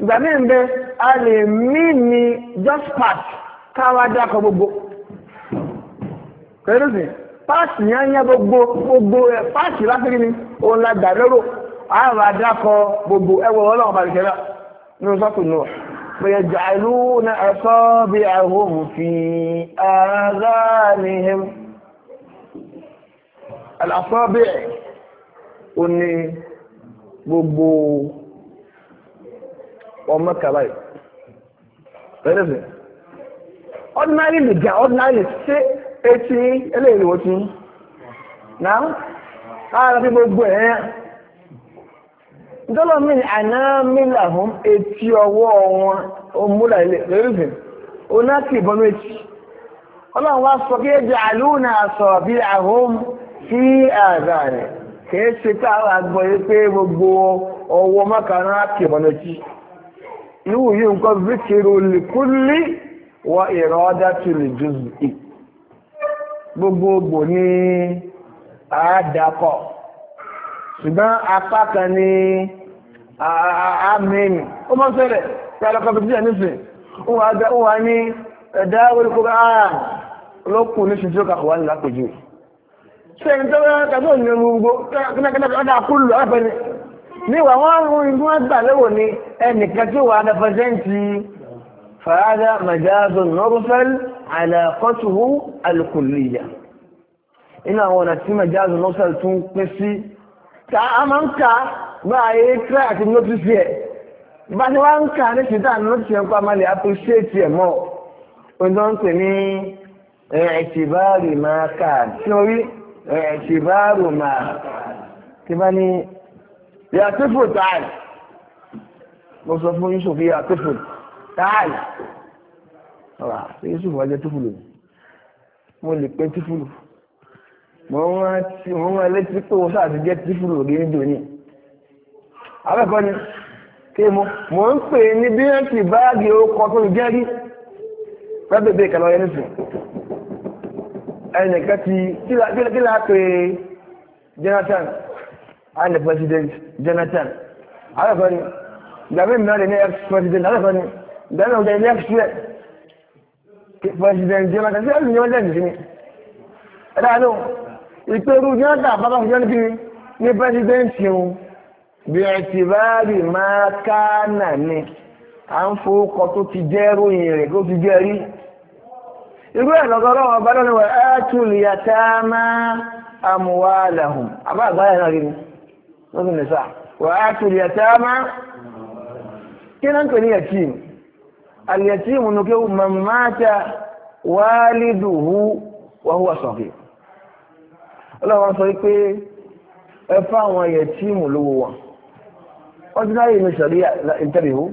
ìgbà míì ń bẹ a lè mí ni just part káwọn adákọ̀ gbogbo pẹ̀lú sí páàtì yẹn gbogbo gbogbo ẹ̀ páàtì lásìkò ni òun lóró àwọn gbogbo ọlọ́run ní nù àlàfáàbẹ̀ ó ní gbogbo ọmọ kàbáyì pẹ̀lẹ́fẹ̀ ordinary nìjà ordinary ṣé etí eléyìí wọ́n ti ara fi gbogbo ẹ̀yẹn dọ́lọ̀ mi àná mílà fún etí ọwọ́ wọn òmúlà ilé pẹ̀lẹ́fẹ̀ onákì ìbọnú ọlọ́run wá sọ kí ẹjọ́ àlúùnà àsọ̀ bí àhóhùn sí àzà rẹ̀ kìí ṣe tá a wà gbọ́ yìí pé gbogbo ọwọ́ mọ́kànlá kìmọ̀nà jí irú yìí nǹkan zikiru lìkúlì wọ ìrọ̀ọ́dá tó lè ju ì gbogbogbò ní àádàkọ̀ ṣùgbọ́n apá kan ní àmìnì ó mọ́ sẹ́rẹ̀ tààrà kọfẹ́tíjà nífẹ̀ẹ́ ó wà ní ẹ̀dá orí kó bá lókùn ní ṣíṣíkà wà ní lápèjì sẹ́yìn tó rán tàbí òní ẹmu gbogbo kínàkínà ọ̀dà kúlù ọ̀fẹ́ni ní ìwà wọn mú ìlú wọn gbà lẹ́wọ̀ ni ẹnìkan tí wàá dẹ́fẹ́sẹ́ǹtì fàádà màjáàzọ nọ́rùfẹ́l àlàkọ́tùwù alùkùlìyà inú àwọn ọ̀nà tí màjáàzọ nọ́rùfẹ́l tún pín sí ta a máa ń ka bá a yé tíra àti nọ́tìsì ẹ̀ bá ti wá ń ka ní ṣìtá nọ́tìsì ẹ̀ pa máa lè appreciate ẹ̀ mọ́ ọ̀dọ́ ń pè ní ẹ̀ẹ́tìbárì máa kà sí orí ẹ̀ẹ́dìbáàrò máa tí bá ní yàtífò táàlì mo sọ fún Yusuf yàtífò táàlì ọ̀rà tí Yusuf wájẹ́ tífò lòdì mo lè pé tífò lò mo rán létí pé o sáà ti jẹ́ tífò lòdì nídò ní abẹ́kọ́ ni kí mo mo ń pè ní bí wọ́n ti báàgì orúkọ tó jẹ́rí pẹ́bẹ̀bẹ̀ kẹlọ́ yẹn nísìnyí ẹnìkan ti kí la pè Jonathan and the president Jonathan alẹ́fọ́ ni gbàmí mìíràn lè ní ex president alẹ́fọ́ ni gbàmí mìíràn lè ní ex president Jonathan sí ẹ̀sìn Jonathan sí ni ẹ̀dá ló ìpérú Jonathan bàbá fún Jonathan kiri ní president ṣeun bí ẹ ti bá rí máa ká nà ní à ń fowó kọ tó ti jẹ́ ròyìn rẹ̀ tó ti jẹ́ rí irú ẹ̀ lọ́gọ́rọ́ wọn bá lọ́nà wẹ̀ ẹ́tùlìyàtà máa àmúwá làhùn àbá àgbáyà náà rí ni wọ́n sì nìsà wẹ̀ ẹ́tùlìyàtà máa kí náà ń pè ní yatim al-yatimu ní kí man mata waliduhu wa huwa saghir ọlọ́wọ́n sọ pé ẹ fáwọn yatimu lówó wọn ordinary ní sọ̀rí ìtẹ́bìhù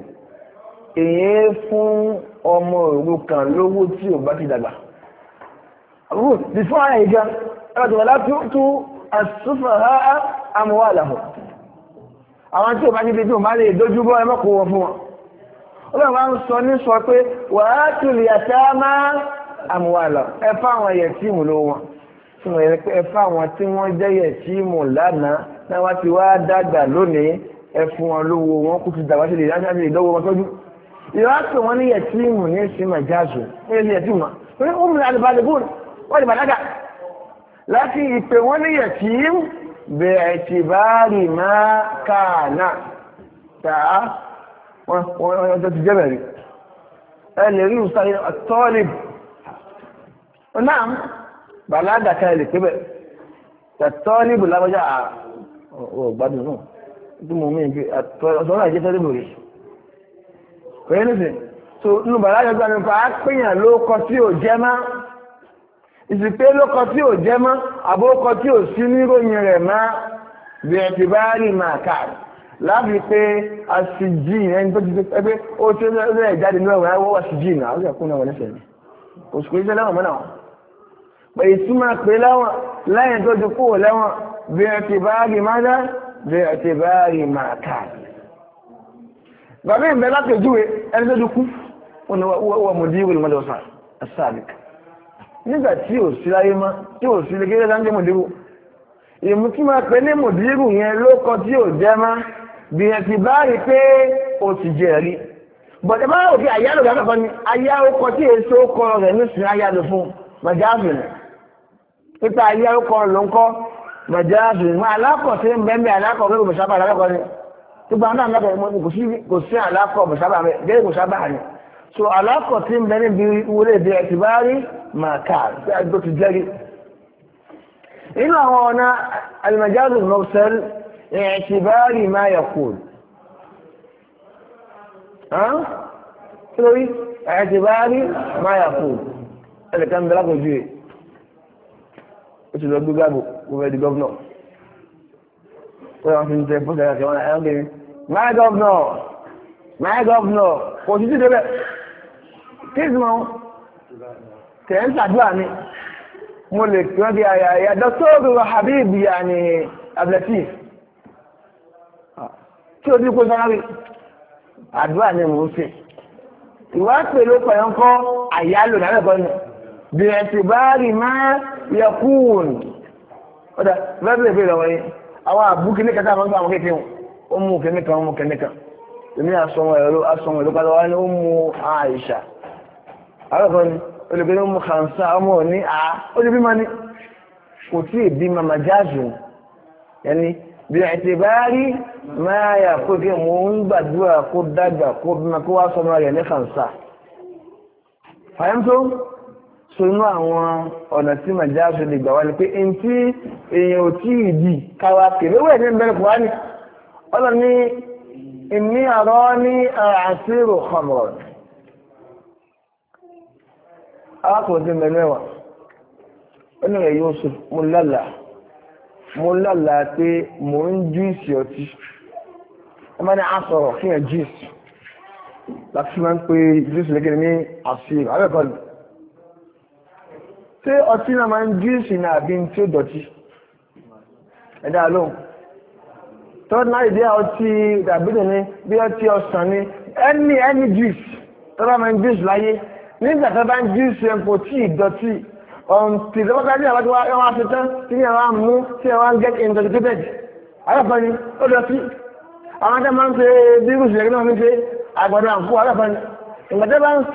èyí fún ọmọ òrukàn lówó tí ò bá ti dàgbà ruth the four ayé gan ẹgbẹ́ tó wọlá tó tó àsúfà ha amúwá àlàfọ̀ àwọn tí ò bá ti di tó máa lè dojú bọ́ ẹ mọ́kò wọn fún wọn ọlọ́run wa ń sọ ní sọ pé wàá tùlì àtà máa amúwá àlàfọ̀ ẹ fáwọn ẹ̀yẹ tíìmù lówó wọn tí wọ́n yẹ ẹ fáwọn tí wọ́n jẹ́yẹ tíìmù lánàá náà wá ti wá dàgbà lónìí ẹ fún wọn lówó wọn kó ti dàgbà sí lè dájú àti ìdánwò wọn tọ́jú ìwáàpẹ̀ wọn ní yẹtìmù ní ṣe mà jáàzù ní ẹni yẹtìmù ma ní ọmọ ìlànà balẹ̀gùn wọ́n ní bàdágà láti ìpè wọn ní yẹtìmù bẹ̀rẹ̀ ti báàrì máa kàánà tàá wọ́n ti jẹ́ bẹ̀rẹ̀ ẹ lè rí ìsáyé tọ́lì náà bàlágà kan lè pébẹ̀ tọ́lì bù lábọ́jà ọ̀gbádùn náà tí kò yẹ nísìn so inú bàrá yẹn gbà nípa á pèèyàn ló kọ tí ò jẹ́ mọ́ ìsìpé ló kọ tí ò jẹ́ mọ́ àbó kọ tí ò sí níròyìn rẹ̀ mọ́ bí ẹ ti bá rí màá káàdì láti pé àṣìjì ẹni tó ti pẹ́ ó tí ó rẹ̀ jáde ní ẹ̀wọ̀n ẹwọ́ àṣìjì náà ó yẹ kún náà wọ́n lẹ́sẹ̀ ní òṣùkú iṣẹ́ lẹ́wọ̀n mọ́nà wọn pé ìtumọ̀ pé lẹ́wọ̀n lẹ́yìn tó ti kúrò lẹ́wọ̀n bí ẹ ti bá rí mádá bí ẹ ti bá rí màá káàdì bàbá ìbẹ̀ láti ìjúwe ẹni tó dúkú wọ́n mú díwò lọ́dọ̀ sáàbìk nígbà tí ò sí láyé mọ́ tí ò sí lékeré sáńjẹ́ mòdíwò ìmú tí máa pẹ́ ní mòdíwò yẹn ló kọ tí ò jẹ́ mọ́ bí ẹ ti bá rí pé ó ti jẹ́ rí bọ̀dẹ̀ máa ò fi àyálò dáná kan ní ayá ó kọ tí èso kọ rẹ̀ nísìnyí ayálò fún màjáàfin pípa ayá ó kọ ló ń kọ màjáàfin mọ́ alákọ̀ọ́sí ń bẹ́ẹ̀ alákọ̀ọ́ gbogbo àwọn àmì àbẹ̀rẹ̀ mọ́ni kò sí àlákọ̀ mùsábà rẹ̀ gẹ́gẹ́ mùsábà rẹ̀ so àlákọ̀ tí ń bẹ níbi wúlé ìdí ẹ̀tì bá rí màá kà sí àgbò ti jẹ́rí inú àwọn ọ̀nà alimajazu nọ́sẹ̀l ẹ̀tì bá rí máa yẹ kù lórí ẹ̀tì bá rí máa yẹ kù ẹ̀lẹ̀kẹ́ ń bẹ lákòójú ẹ̀ ó ti lọ gbé gbàgbó pé wọ́n fi ń jẹ fún ìjọba ìjọba ẹ̀rọ kiri my governor my governor kò sí síbi bẹ́ẹ̀ kí ni wọ́n tẹ̀ ń ṣàdúrà ni mo lè kí wọ́n bí aya ya ah, o ní kó àdúrà ni mo ń ṣe ìwà pẹ̀lú pẹ̀lú àyálò náà lẹ́kọ̀ọ́ ni bìrẹ̀tì bá rí máa yẹ kúùn ọ̀dà bẹ́ẹ̀ bẹ́ẹ̀ lọ́wọ́ yìí àwọn àbúkí ní kẹta àwọn kéèké wọn ó mú kẹ́mí kan ó mú kẹ́mí kan èmi àsọmọ ẹ̀rọ àsọmọ ẹ̀rọ padà wá ní ó mú àìṣà àwọn kan ní olùgbé ní ó mú kàǹsà ọmọ ní à ó ní bímọ ní kò tí ì bí mama jáàzù yẹni bí ẹ ti bá rí máa yà kó kí mò ń gbàdúrà kó dàgbà kó bímọ kó wá sọmọ rẹ ní kàǹsà fàyẹ́mtó sunú àwọn ọ̀nà tí màjá aṣọ lè gbà wá ni pé n tí èèyàn ò tí ì di káwa kèrè wẹ̀ ní ìbẹ̀rẹ̀ kò wá ní ọ̀nà ní ìní àrọ́ ní àṣírò khamran arákùnrin tí mẹ́rin mẹ́wàá ó ní rẹ̀ sọ mo lálàá mo lálàá pé mò ń júìsì ọtí ẹ máa ní asọ̀rọ̀ fún ẹ̀ júìsì láti máa ń pe júìsì lẹ́gẹ̀ẹ́ ní àṣírò abẹ́kọ̀ọ́ ṣé ọtí náà máa ń jíìsì náà àbí tí ó dọ̀tí ẹ̀dá lóhùn tọ́dún láì bí ọtí dàbídùn ni bí ọtí ọsàn ni ẹni ẹni jíìsì tó bá máa ń jíìsì láyé nígbà tó bá ń jíìsì ẹ̀kọ́ tí ìdọ̀tí ọ̀hún tí ìjọba bá ní àwọn tó wá ṣe tán tí ní àwọn mú tí àwọn ń get intoxicated aláfẹ́ ni ó dọ̀tí àwọn tó máa ń ṣe bí rúṣì ẹ̀kọ́ náà ń ṣe àgbàdo àǹkó aláfẹ́ ni ìgbà tó bá ń ṣe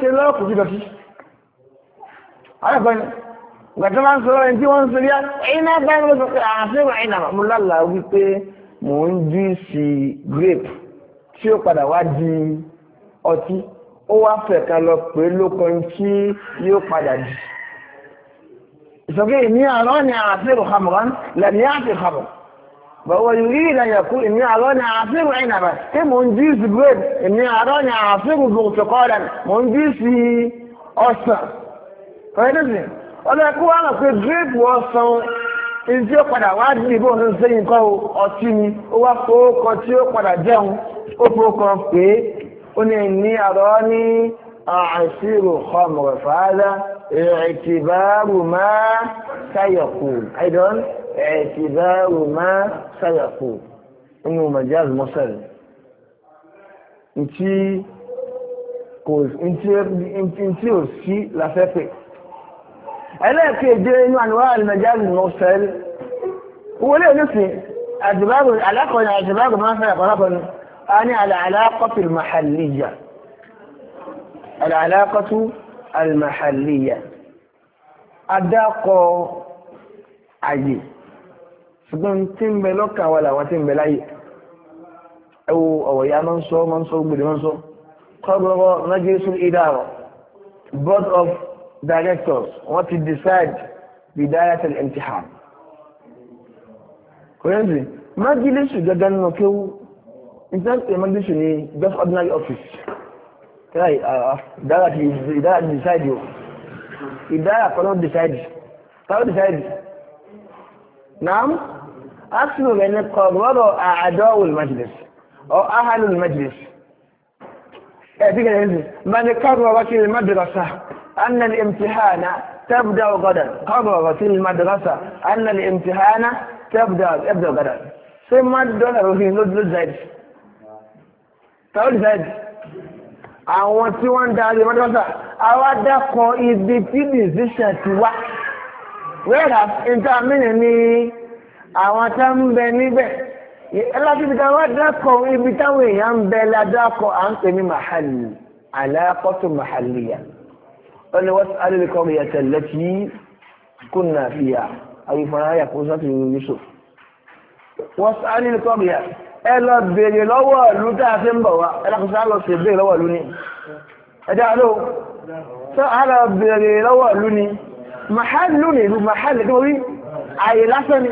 gbàtí wọ́n sọ ẹni tí wọ́n ń sọ yá iná bá ń lọ sọ àfihàn iná mo lálàá wípé mò ń júìsì grape tí ó padà wá di ọtí ó wá fẹ̀ka lọ pé lókun tí yóò padà di. ìsọ̀kè ìní àlọ́ ni àfihàn hamran lẹ́ni àti hamran bọ̀wọ̀ yìí ìlànà kú ìní àlọ́ ni àfihàn iná bá tí mò ń júìsì grape ìní àlọ́ ni àfihàn bùkùtù kọ́ọ̀dà mò ń júìsì ọ̀sán ọlọ́ẹ̀kú wà mọ̀ pé gírèpù ọsàn ní tí ó padà wá dì bó ń ṣe nǹkan ọtí ni ó wá fowókọ tí ó padà jẹun ó fowókọ pé ó ní ní àrọ́ ní àṣírò khamr fàádà ìrìtìbáàrù máa sáyẹ̀kù àìdán ìrìtìbáàrù máa sáyẹ̀kù inú majaz mọ́sẹ̀l ntí kò sí láfẹ́fẹ́ ẹlẹ́ẹ̀kejì inú àníwá àlùmọ̀jáde mọ̀ọ́sẹ̀lì wọlé onífin àdìbáàbò alákọ̀ọ́nà àdìbáàbò máa ń fẹ́ àkọ́lákọ̀ọ́nà a ní àlàákọ́tù màhàlìyà àlàákọ́tù àlùmàhàlìyà adákọ̀ àyè ṣùgbọ́n tí ń bẹ lọ́kà wà làwọn tí ń bẹ láyè ẹwọ ọ̀wọ̀yá máa ń sọ máa ń ń sọ kọ́gbọ́gbọ́ Majlisul Idara board of directors wọ́n ti decide The bidayat al-imtihan kòrẹ́ǹsì májílẹ̀ṣù gẹ́gẹ́ nínú kéwú ìtẹ́ǹtẹ̀ májílẹ̀ṣù ni just ordinary office kíláà ìdára ti ìdára ti decide o ìdára kọ́ ló decide kọ́ decide naam asinu rẹ̀ ní kọ̀ọ̀rọ̀ àádọ́ olùmájílẹ̀ṣù or ahalul majlis اعتقد انزل من قررت المدرسة أن الامتحان تبدأ غدا قررت المدرسة أن الامتحان تبدأ يبدأ غدا ثم الدولار في نود زايد تقول زايد àwọn tí wọ́n ń darí mọ́tọ́sà awádàkọ̀ ibi tí decision ti wá whereas intermini ni àwọn tá ń bẹ níbẹ̀ láti ibi táwọn adákọ̀ ibi táwọn èèyàn ń bẹ ládákọ̀ à ń pè ní màhàlì àlàkọ́tù màhàlìyà ó ní wọ́n sáré lè kọ́rìyà tẹ̀lé tí kùnà fìyà àyùfọ̀nà ayà kó sọ́tù Yusuf wọ́n sáré lè kọ́rìyà ẹ lọ bèèrè lọ́wọ́ ìlú tá a fi ń bọ̀ wá ẹ lọ́kùn sáré lọ sí lọ́wọ́ ìlú ni ẹ dá ló sọ á lọ́wọ́ ìlú ni màhàlì lónìí ìlú màhàlì kí wọ́n rí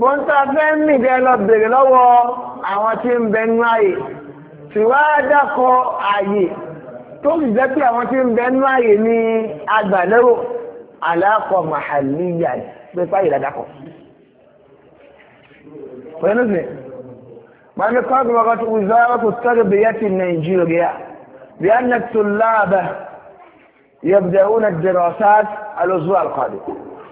wọ́n tó fẹ́ nìjẹ́ lọ bèèrè lọ́wọ́ àwọn tí ń bẹnu ààyè tí wá dákọ̀ ààyè tó sì jẹ́ pé àwọn tí ń bẹnu ààyè ní agbàlérò aláàkọ̀ màhàlíyà pé fáyè ládàkọ̀. pẹ̀lú sí wọ́n ní kọ́ọ̀kì wọ́n tó wùzáwọ́ tó tọ́rọ bèyà ti nàìjíríà bí a nà láàbà yabda'una ad-dirasat al-usbu' al-qadim.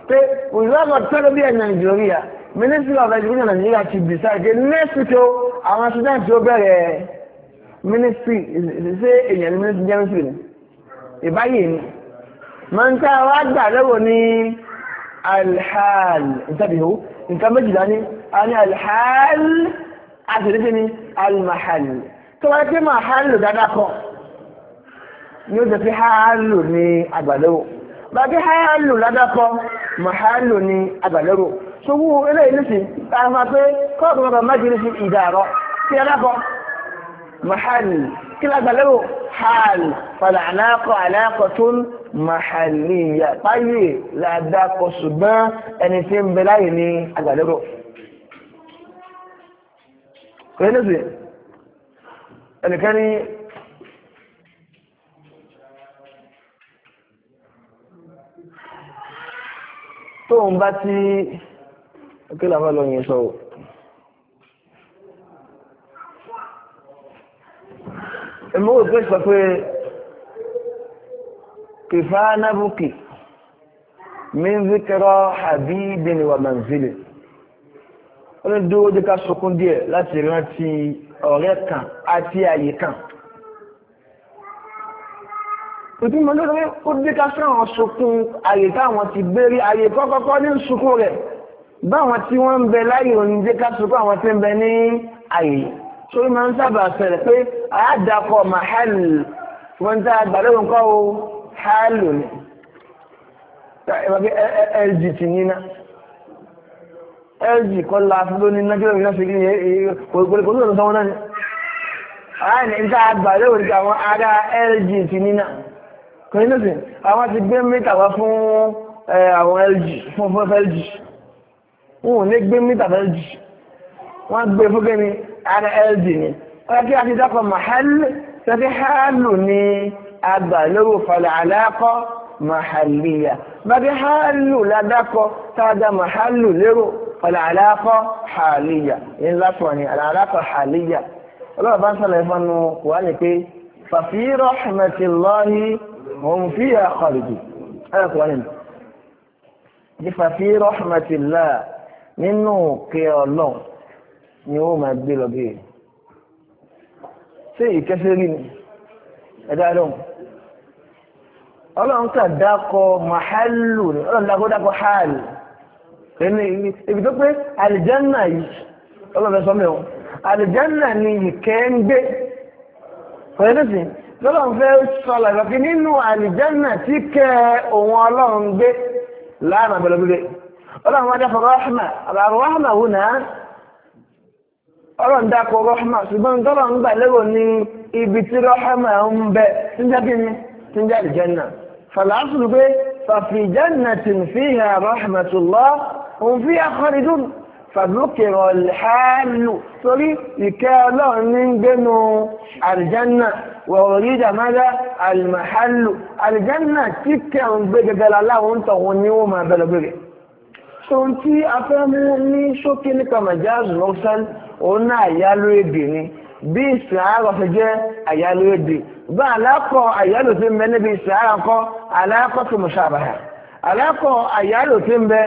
Pé wùzáwọ́ tọ́rọ bèyà nàìjíríà ministry of education Nigeria ti decide pé next week o àwọn student tó bẹ̀rẹ̀ ministry ṣe èèyàn ní ministry jẹ́ ministry ni ìbáyìí ni mọ̀ntà wa gbà lọ́wọ́ ní alhal ìtàbíhó nǹkan méjìlá ní a ní alhal àti ìdíje ní almahal tó wáyé pé mahal lò dáadáa kọ́ ni ó jẹ́ pé hálò ní àgbàlẹ́wò bá pé ládàkọ́ mahal lò ní àgbàlẹ́wò ṣubú eléyìí ní sí àmà pé kọ́ọ̀tù mọ́tò májèlé sí ìdàrọ́ sí alákọ̀ mahali kí lágbàlérò hàl padà aláàkọ̀ aláàkọ̀ tó ń mahali yàpáyè ládàkọ̀ ṣùgbọ́n ẹni tí ń bẹ láyé ní àgbàlérò tóun bá ti kí làbá lọ yẹn sọ o. èmi wò pé sọ pé kìfá nábùkì mi ń zikirọ àbíbí ni wà manzili ó ní dúró dé ká sọkún díẹ̀ láti rántí ọ̀rẹ́ kan àti àyè kan òtún mọ̀ lórí ó dé ká sọkún àyè táwọn ti gbérí àyè kọ́kọ́kọ́ ní sọkún rẹ̀ báwọn tí wọ́n ń bẹ láyé òní jẹ́ ká sọ àwọn tí ń bẹ ní àyè sórí máa ń sábà ṣẹlẹ̀ pé àádàkọ̀ mahal wọ́n tá a gbàlẹ́wọ̀n kọ́ o hálò ni lg ti níná lg kọ́ la fi lónìí náà kílódé náà fi kí kò tó sọ́wọ́n náà ni ní tá a gbàlẹ́wọ̀n àwọn ará lg ti níná kò ní lóṣù àwọn ti gbé mítà wá fún àwọn lg fún fún lg wọn ò ní gbé mítà fẹ́ jù wọ́n gbé fúnkẹ́ ní rld ni wọ́n kí a ti dákọ̀ mahal sẹ́fí hálù ní agbàlérò falẹ̀ aláàkọ́ mahaliya bàbí hálù ládákọ̀ tàdá mahálù lérò falẹ̀ aláàkọ́ hàlíyà yẹn lápọ̀ ni aláàkọ́ hàlíyà ọlọ́run bá ń sọ̀rọ̀ ẹ̀fọn nu wà ní pé fàfi rahmatillahi hum fiha khalidun ẹ̀kọ́ wà nínú. Fàfi nínú òkè ọlọ́run ni ó máa gbé lọ bí rẹ̀ ṣé ìkẹsẹ́ rí ni ẹ̀dá lọ́hùn ọlọ́run kà dákọ̀ màhálù ni ọlọ́run dákọ̀ dákọ̀ hálù ẹni ibi tó pé àlìjánà yìí ọlọ́run fẹ́ sọ mí o àlìjánà ni ìkẹ́ ń gbé pẹ̀lẹ́sìn lọ́lọ́run fẹ́ sọ̀rọ̀ ìrọ̀kí nínú àlìjánà tí kẹ́ òun ọlọ́run gbé láàrín àbẹ̀lẹ̀ ọlọ́run wájá fọ́rọ̀ rọ́hìmà àbàrọ̀ rọ́hìmà wù náà ọlọ́run dákọ̀ rọ́hìmà ṣùgbọ́n tọ́lọ̀ ń gbà lérò ní ibi tí rọ́hìmà ń bẹ tíjẹ́ kí ni tíjẹ́ àlìjẹ́nà fàlàásùn pé fàfìjẹ́nà tì ń fi hà rọ́hìmà tó lọ òun fi àkọ́rí dùn fàdúkìrọ̀ lẹ́hàlù torí ìkẹ́ ọlọ́run ní gbénu àlìjẹ́nà wọ̀rọ̀rí ìdàmájá gbé gẹ́gẹ́ láwọn ń tọ̀wọ́n ní wọ́n máa bẹ̀rẹ̀ bẹ̀rẹ̀ ohun tí a fẹ́ mú ní ṣókí nípa majazu mursal òun náà àyálò èdè ni bí ìsìnàárọ̀ fi jẹ́ àyálò èdè bá alákọ̀ àyálò tí ń bẹ níbi ìsìnàárọ̀ kọ́ alákọ̀ tó mushabaha alákọ̀ àyálò tí ń bẹ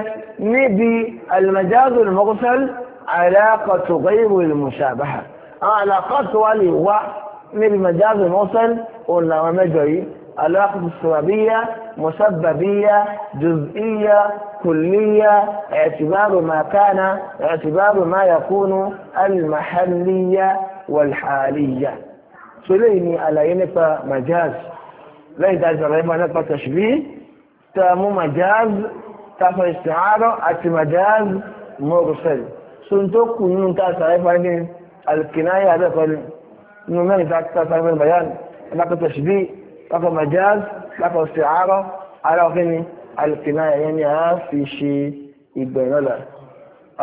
níbi al-majazu mursal alákọ̀ tó ghayru al-mushabaha àwọn alákọ̀ tó wà lè wá níbi majazu mursal òun làwọn mẹ́jọ yìí alákọ̀ tó sọ̀rọ̀ مسببية جزئية كلية اعتبار ما كان اعتبار ما يكون المحلية والحالية سليني على ينفى مجاز لا يدعز رحمة نفى تشبيه تامو مجاز تفى استعارة أتي مجاز مرسل سنتوكو ينتهى صحيح الكناية هذا فالنمان نمني تحت صحيح البيان نفى تشبيه نفى مجاز lápá sí àárọ̀ ara òfin ni alìkìnáyà yẹn ni a fi ṣe ìgbẹ̀rẹ̀ lọ́la.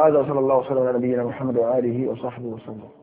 هذا صلى الله وسلم على نبينا محمد وآله وصحبه وسلم